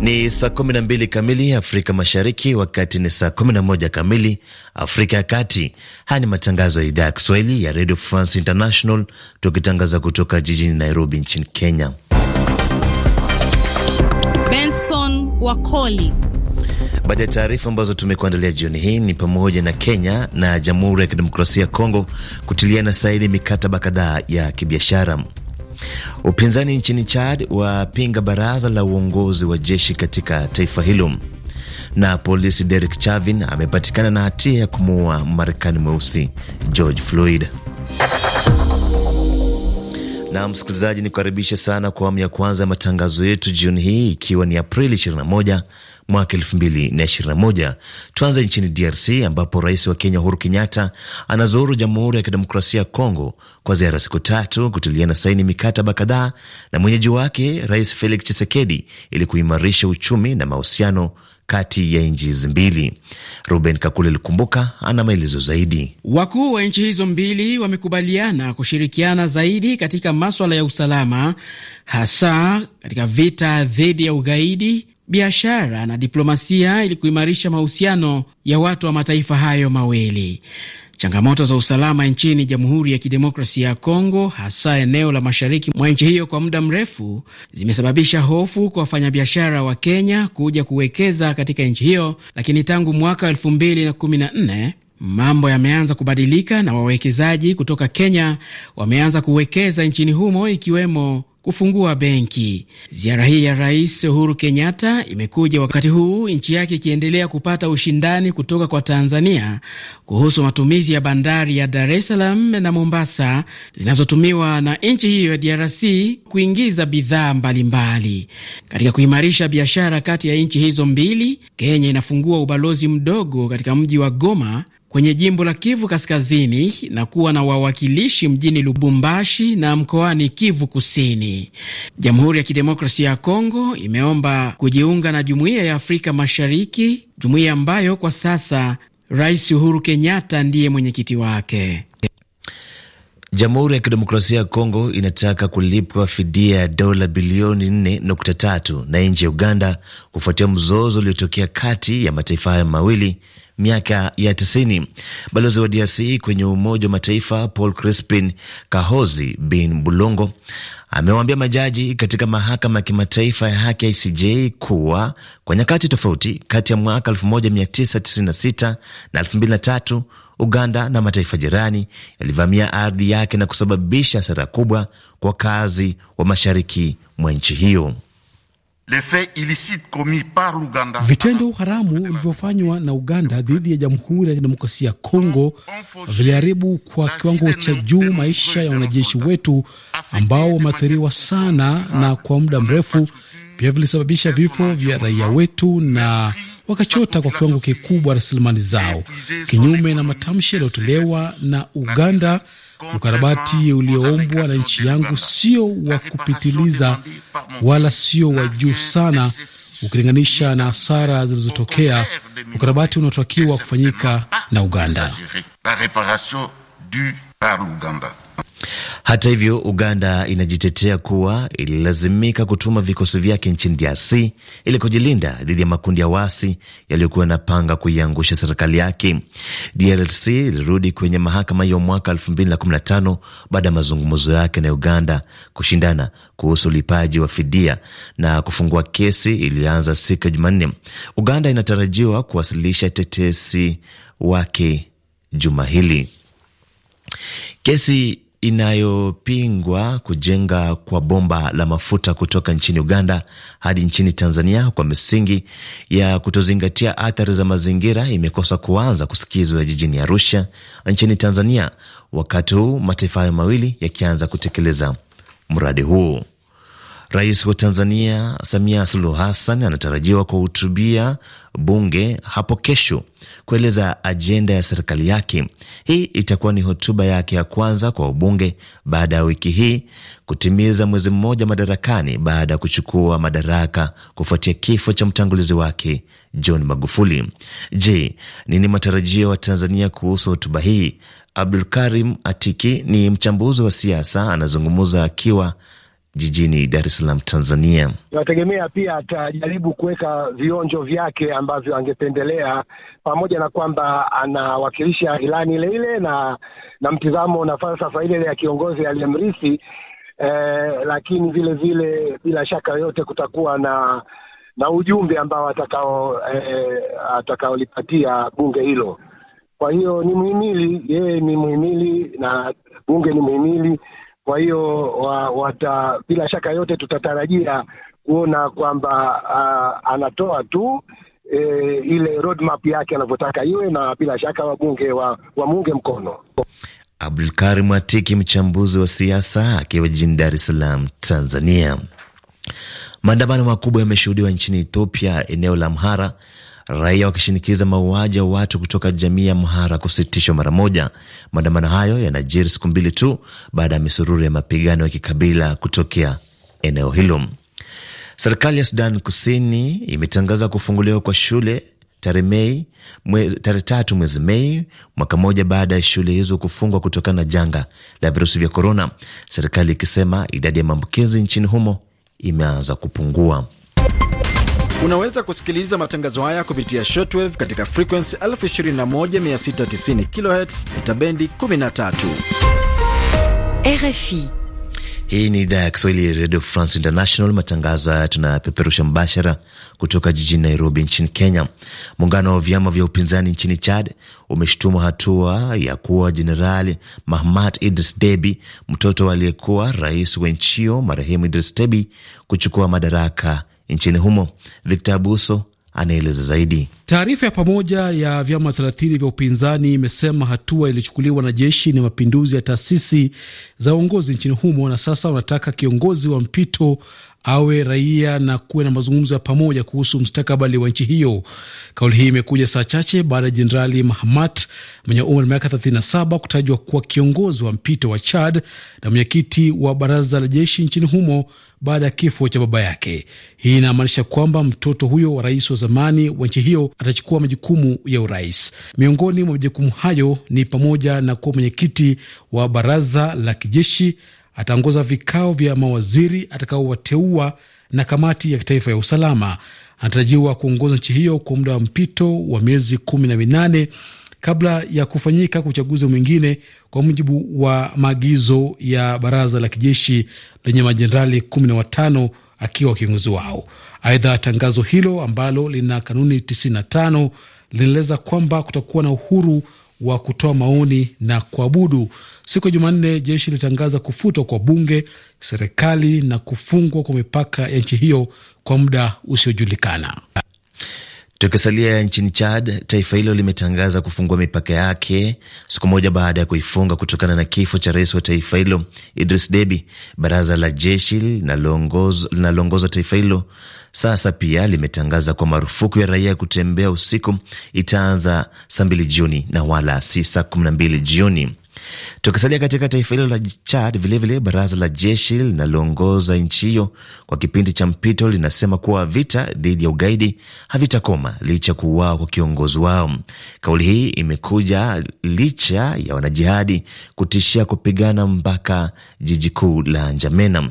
Ni saa 12 kamili Afrika Mashariki, wakati ni saa 11 kamili Afrika ya Kati. Haya ni matangazo ya idhaa ya Kiswahili ya Radio France International, tukitangaza kutoka jijini Nairobi nchini Kenya. Benson Wakoli Baadhi ya taarifa ambazo tumekuandalia jioni hii ni pamoja na Kenya na Jamhuri ya Kidemokrasia ya Kongo kutiliana saini mikataba kadhaa ya kibiashara. Upinzani nchini Chad wapinga baraza la uongozi wa jeshi katika taifa hilo, na polisi Derek chavin amepatikana na hatia ya kumuua Marekani mweusi George Floyd. Na msikilizaji, nikukaribishe sana kwa awamu ya kwanza ya matangazo yetu jioni hii, ikiwa ni Aprili 21 mwaka 2021. Tuanze nchini DRC ambapo rais wa Kenya Uhuru Kenyatta anazuru Jamhuri ya Kidemokrasia ya Kongo kwa ziara siku tatu kutiliana saini mikataba kadhaa na mwenyeji wake Rais Felix Tshisekedi ili kuimarisha uchumi na mahusiano kati ya nchi hizi mbili. Ruben Kakule alikumbuka, ana maelezo zaidi. Wakuu wa nchi hizo mbili wamekubaliana kushirikiana zaidi katika maswala ya usalama, hasa katika vita dhidi ya ugaidi, biashara na diplomasia, ili kuimarisha mahusiano ya watu wa mataifa hayo mawili. Changamoto za usalama nchini Jamhuri ya Kidemokrasia ya Kongo, hasa eneo la mashariki mwa nchi hiyo, kwa muda mrefu zimesababisha hofu kwa wafanyabiashara wa Kenya kuja kuwekeza katika nchi hiyo, lakini tangu mwaka 2014 mambo yameanza kubadilika na wawekezaji kutoka Kenya wameanza kuwekeza nchini humo, ikiwemo kufungua benki. Ziara hii ya Rais Uhuru Kenyatta imekuja wakati huu nchi yake ikiendelea kupata ushindani kutoka kwa Tanzania kuhusu matumizi ya bandari ya Dar es Salaam na Mombasa zinazotumiwa na nchi hiyo ya DRC kuingiza bidhaa mbalimbali. Katika kuimarisha biashara kati ya nchi hizo mbili, Kenya inafungua ubalozi mdogo katika mji wa Goma kwenye jimbo la Kivu Kaskazini na kuwa na wawakilishi mjini Lubumbashi na mkoani Kivu Kusini. Jamhuri ya Kidemokrasia ya Kongo imeomba kujiunga na Jumuiya ya Afrika Mashariki, jumuiya ambayo kwa sasa Rais Uhuru Kenyatta ndiye mwenyekiti wake. Jamhuri ya Kidemokrasia ya Kongo inataka kulipwa fidia ya dola bilioni 4.3 na nchi ya Uganda kufuatia mzozo uliotokea kati ya mataifa hayo mawili miaka ya tisini. Balozi wa DRC kwenye Umoja wa Mataifa Paul Crispin Kahozi Bin Bulongo amewaambia majaji katika mahakama ya kimataifa ya haki ya ICJ kuwa kwa nyakati tofauti kati ya mwaka 1996 na 2003 Uganda na mataifa jirani yalivamia ardhi yake na kusababisha hasara kubwa kwa wakazi wa mashariki mwa nchi hiyo. Vitendo haramu vilivyofanywa na Uganda dhidi ya Jamhuri ya Kidemokrasia ya Kongo viliharibu kwa kiwango cha juu maisha ya wanajeshi wetu ambao wameathiriwa sana na kwa muda mrefu. Pia vilisababisha vifo vya raia wetu na wakachota kwa kiwango kikubwa rasilimali zao, kinyume na matamshi yaliyotolewa na Uganda Ukarabati ulioombwa na nchi yangu sio wa kupitiliza wala sio wa juu sana ukilinganisha na hasara zilizotokea. Ukarabati unaotakiwa kufanyika na Uganda. Hata hivyo, Uganda inajitetea kuwa ililazimika kutuma vikosi vyake nchini DRC ili kujilinda dhidi ya makundi ya wasi yaliyokuwa yanapanga kuiangusha serikali yake. DRC ilirudi kwenye mahakama hiyo mwaka 2015 baada ya mazungumzo yake na Uganda kushindana kuhusu ulipaji wa fidia na kufungua kesi iliyoanza siku ya Jumanne. Uganda inatarajiwa kuwasilisha tetesi wake juma hili. Kesi inayopingwa kujenga kwa bomba la mafuta kutoka nchini Uganda hadi nchini Tanzania kwa misingi ya kutozingatia athari za mazingira imekosa kuanza kusikizwa jijini Arusha nchini Tanzania, wakati huu mataifa hayo mawili yakianza kutekeleza mradi huu. Rais wa Tanzania Samia Suluhu Hassan anatarajiwa kuhutubia bunge hapo kesho kueleza ajenda ya serikali yake. Hii itakuwa ni hotuba yake ya kwanza kwa ubunge baada ya wiki hii kutimiza mwezi mmoja madarakani baada ya kuchukua madaraka kufuatia kifo cha mtangulizi wake John Magufuli. Je, nini matarajio wa Tanzania kuhusu hotuba hii? Abdul Karim Atiki ni mchambuzi wa siasa, anazungumza akiwa jijini Dar es Salaam, Tanzania. Tunategemea pia atajaribu kuweka vionjo vyake ambavyo angependelea, pamoja na kwamba anawakilisha ilani ile ile na na mtizamo na falsafa ile ile ya kiongozi aliyemrithi eh, lakini vile vile bila shaka yoyote kutakuwa na na ujumbe ambao atakao eh, atakaolipatia bunge hilo. Kwa hiyo ni muhimili, yeye ni muhimili na bunge ni muhimili kwa hiyo wa, wata, bila shaka yote tutatarajia kuona kwamba uh, anatoa tu e, ile roadmap yake anavyotaka iwe, na bila shaka wabunge wa, wamuunge mkono. Abdulkarim Atiki, mchambuzi wa siasa akiwa jijini Dar es Salaam, Tanzania. Maandamano makubwa yameshuhudiwa nchini Ethiopia, eneo la Amhara raia wakishinikiza mauaji ya watu kutoka jamii ya Mhara kusitishwa mara moja. Maandamano hayo yanajiri siku mbili tu baada ya misururu ya mapigano ya kikabila kutokea eneo hilo. Serikali ya Sudan Kusini imetangaza kufunguliwa kwa shule tarehe tatu mwezi Mei, mwaka mmoja baada ya shule hizo kufungwa kutokana na janga la virusi vya korona, serikali ikisema idadi ya maambukizi nchini humo imeanza kupungua. Unaweza kusikiliza matangazo haya kupitia shortwave katika frekuensi 21690 kHz ita bendi 13. RFI. Hii ni idhaa ya Kiswahili ya Radio France International. Matangazo haya tunayapeperusha mbashara kutoka jijini Nairobi nchini Kenya. Muungano wa vyama vya upinzani nchini Chad umeshutumu hatua ya kuwa Jenerali mahmad Idris Debi, mtoto aliyekuwa rais wa nchi hiyo marehemu Idris Debi, kuchukua madaraka nchini humo. Victor Abuso anaeleza zaidi. Taarifa ya pamoja ya vyama thelathini vya upinzani imesema hatua iliyochukuliwa na jeshi ni mapinduzi ya taasisi za uongozi nchini humo, na sasa wanataka kiongozi wa mpito awe raia na kuwe na mazungumzo ya pamoja kuhusu mstakabali wa nchi hiyo. Kauli hii imekuja saa chache baada ya Jenerali Mahamat mwenye umri wa miaka 37 kutajwa kuwa kiongozi wa mpito wa Chad na mwenyekiti wa baraza la jeshi nchini humo baada ya kifo cha baba yake. Hii inamaanisha kwamba mtoto huyo wa rais wa zamani wa nchi hiyo atachukua majukumu ya urais. Miongoni mwa majukumu hayo ni pamoja na kuwa mwenyekiti wa baraza la kijeshi ataongoza vikao vya mawaziri atakaowateua na kamati ya kitaifa ya usalama. Anatarajiwa kuongoza nchi hiyo kwa muda wa mpito wa miezi kumi na minane kabla ya kufanyika kwa uchaguzi mwingine kwa mujibu wa maagizo ya baraza la kijeshi lenye majenerali kumi na watano akiwa kiongozi wao. Aidha, tangazo hilo ambalo lina kanuni 95 linaeleza kwamba kutakuwa na uhuru wa kutoa maoni na kuabudu. Siku ya Jumanne, jeshi ilitangaza kufutwa kwa bunge, serikali na kufungwa kwa mipaka ya nchi hiyo kwa muda usiojulikana. Tukisalia nchini Chad, taifa hilo limetangaza kufungua mipaka yake siku moja baada ya kuifunga kutokana na kifo cha rais wa taifa hilo Idris Deby. Baraza la jeshi linaloongoza taifa hilo sasa pia limetangaza kwa marufuku ya raia kutembea usiku itaanza saa mbili jioni na wala si saa kumi na mbili jioni. Tukisalia katika taifa hilo la Chad, vilevile baraza la jeshi linaloongoza nchi hiyo kwa kipindi cha mpito linasema kuwa vita dhidi ya ugaidi havitakoma licha ya kuuawa kwa kiongozi wao. Kauli hii imekuja licha ya wanajihadi kutishia kupigana mpaka jiji kuu la Njamena.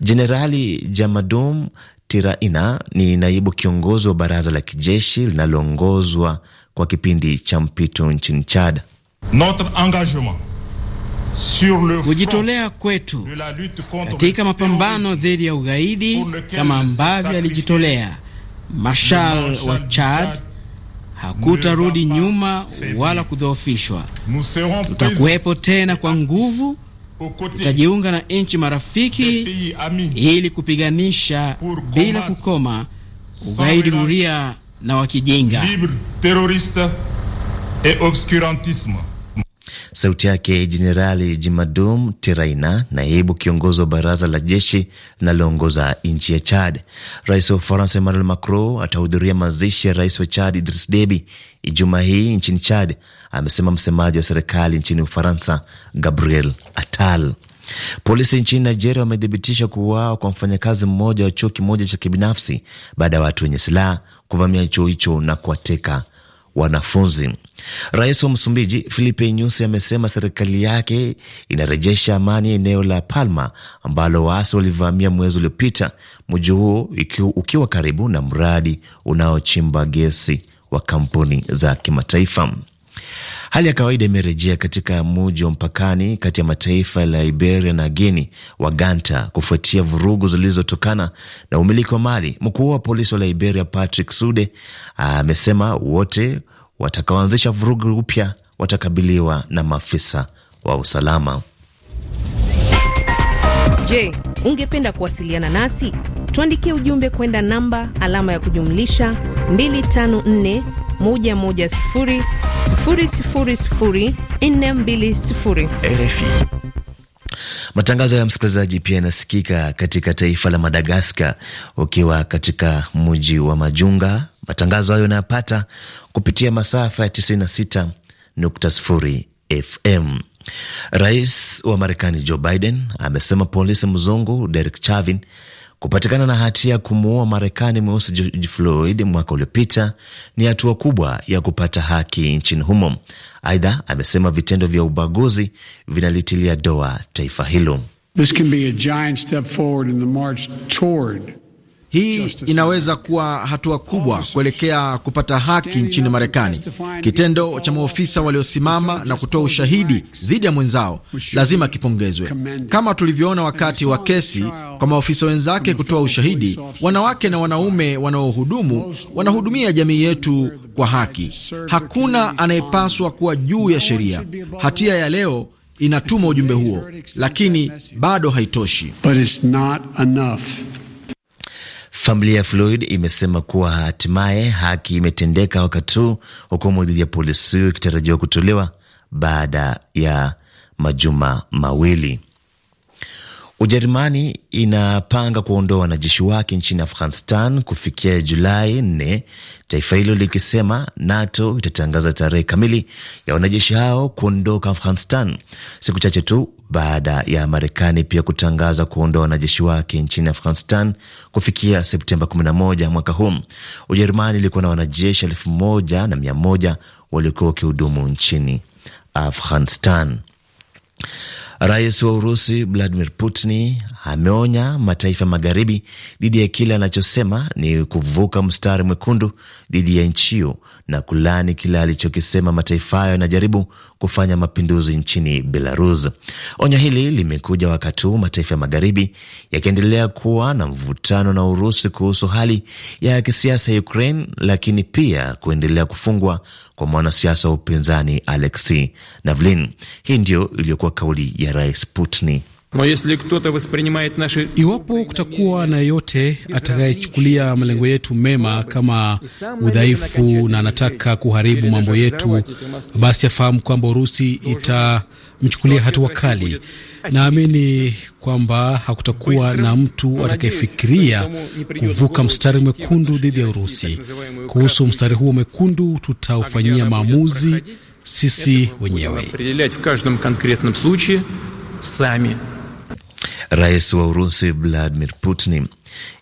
Jenerali Jamadum Tiraina ni naibu kiongozi wa baraza la kijeshi linaloongozwa kwa kipindi cha mpito nchini Chad. Notre engagement kujitolea kwetu katika mapambano dhidi ya ugaidi kama ambavyo alijitolea Marshal wa Chad hakutarudi nyuma wala kudhoofishwa. Tutakuwepo tena kwa nguvu, tutajiunga na nchi marafiki ili kupiganisha bila kukoma ugaidi huria na wakijinga. Sauti yake Jenerali Jimadum Tiraina, naibu kiongozi wa baraza la jeshi linaloongoza nchi ya Chad. Rais wa Ufaransa Emmanuel Macron atahudhuria mazishi ya rais wa Chad Idris Deby Ijumaa hii nchini Chad, amesema msemaji wa serikali nchini Ufaransa Gabriel Attal. Polisi nchini Nigeria wamethibitisha kuuawa kwa mfanyakazi mmoja wa chuo kimoja cha kibinafsi baada ya watu wenye silaha kuvamia chuo hicho na kuwateka wanafunzi. Rais wa Msumbiji Filipe Nyusi amesema serikali yake inarejesha amani eneo la Palma ambalo waasi walivamia mwezi uliopita, mji huo ukiwa karibu na mradi unaochimba gesi wa kampuni za kimataifa. Hali ya kawaida imerejea katika mji wa mpakani kati ya mataifa ya Liberia na Guini ganta kufuatia vurugu zilizotokana na umiliki wa mali. Mkuu wa polisi wa Liberia Patrick Sude amesema wote watakaoanzisha vurugu upya watakabiliwa na maafisa wa usalama. Je, ungependa kuwasiliana nasi? Tuandikie ujumbe kwenda namba alama ya kujumlisha 254 Matangazo ya msikilizaji pia yanasikika katika taifa la Madagaskar. Ukiwa katika mji wa Majunga, matangazo hayo yanayapata kupitia masafa ya 96.0 FM. Rais wa Marekani Joe Biden amesema polisi mzungu Derek Chauvin Kupatikana na hatia ya kumuua Marekani mweusi George Floyd mwaka uliopita ni hatua kubwa ya kupata haki nchini humo. Aidha, amesema vitendo vya ubaguzi vinalitilia doa taifa hilo. This can be a giant step in hii inaweza kuwa hatua kubwa kuelekea kupata haki nchini Marekani. Kitendo cha maofisa waliosimama na kutoa ushahidi dhidi ya mwenzao lazima kipongezwe, kama tulivyoona wakati wa kesi kwa maofisa wenzake kutoa ushahidi. Wanawake na wanaume wanaohudumu wanahudumia jamii yetu kwa haki. Hakuna anayepaswa kuwa juu ya sheria. Hatia ya leo inatuma ujumbe huo, lakini bado haitoshi. Familia ya Floyd imesema kuwa hatimaye haki imetendeka, wakati huu hukumu dhidi ya polisi huyo ikitarajiwa kutolewa baada ya majuma mawili. Ujerumani inapanga kuondoa wanajeshi wake nchini Afghanistan kufikia Julai 4, taifa hilo likisema NATO itatangaza tarehe kamili ya wanajeshi hao kuondoka Afghanistan, siku chache tu baada ya Marekani pia kutangaza kuondoa wanajeshi wake nchini Afghanistan kufikia Septemba 11 mwaka huu. Ujerumani ilikuwa na wanajeshi elfu moja na mia moja waliokuwa wakihudumu nchini Afghanistan. Rais wa Urusi Vladimir Putin ameonya mataifa magharibi dhidi ya kile anachosema ni kuvuka mstari mwekundu dhidi ya nchi hiyo na kulani kile alichokisema mataifa hayo yanajaribu kufanya mapinduzi nchini Belarus. Onyo hili limekuja wakati huu mataifa ya magharibi yakiendelea kuwa na mvutano na Urusi kuhusu hali ya kisiasa ya Ukraine, lakini pia kuendelea kufungwa kwa mwanasiasa wa upinzani Alexei Navalny. Hii ndiyo iliyokuwa kauli ya Rais Putin. Iwapo kutakuwa na yeyote atakayechukulia malengo yetu mema kama udhaifu na anataka kuharibu mambo yetu, basi afahamu kwamba Urusi itamchukulia hatua kali. Naamini kwamba hakutakuwa na mtu atakayefikiria kuvuka mstari mwekundu dhidi ya Urusi. Kuhusu mstari huo mwekundu, tutaufanyia maamuzi sisi wenyewe. Rais wa Urusi Vladimir Putin.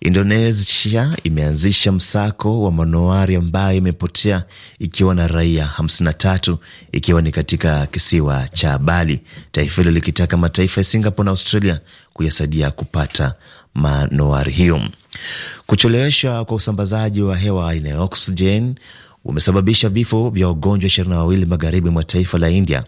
Indonesia imeanzisha msako wa manowari ambayo imepotea ikiwa na raia 53 ikiwa ni katika kisiwa cha Bali, taifa hilo likitaka mataifa ya Singapore na Australia kuyasaidia kupata manowari hiyo. Kucheleweshwa kwa usambazaji wa hewa aina ya oksijeni umesababisha vifo vya wagonjwa ishirini na wawili magharibi mwa taifa la India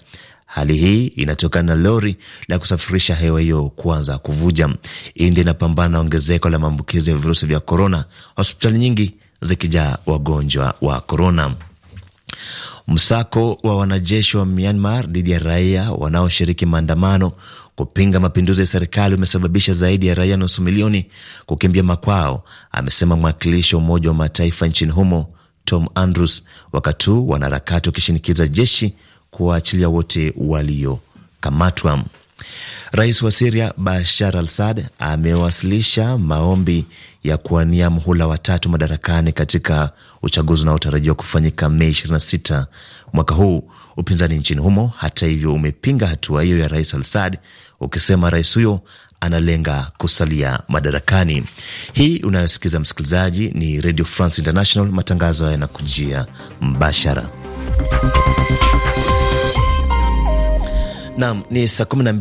Hali hii inatokana na lori la kusafirisha hewa hiyo kuanza kuvuja. India inapambana na ongezeko la maambukizi ya virusi vya korona, hospitali nyingi zikijaa wagonjwa wa korona. Msako wa wanajeshi wa Myanmar dhidi ya raia wanaoshiriki maandamano kupinga mapinduzi ya serikali umesababisha zaidi ya raia nusu milioni kukimbia makwao, amesema mwakilishi wa Umoja wa Mataifa nchini humo Tom Andrews, wakati huu wanaharakati wakishinikiza jeshi kuwaachilia wote waliokamatwa. Rais wa Siria Bashar al Assad amewasilisha maombi ya kuwania mhula watatu madarakani katika uchaguzi unaotarajiwa kufanyika Mei 26 mwaka huu. Upinzani nchini humo, hata hivyo, umepinga hatua hiyo ya rais al Assad ukisema rais huyo analenga kusalia madarakani. Hii unayosikiza msikilizaji ni Radio France International, matangazo yanakujia mbashara Naam, ni saa 12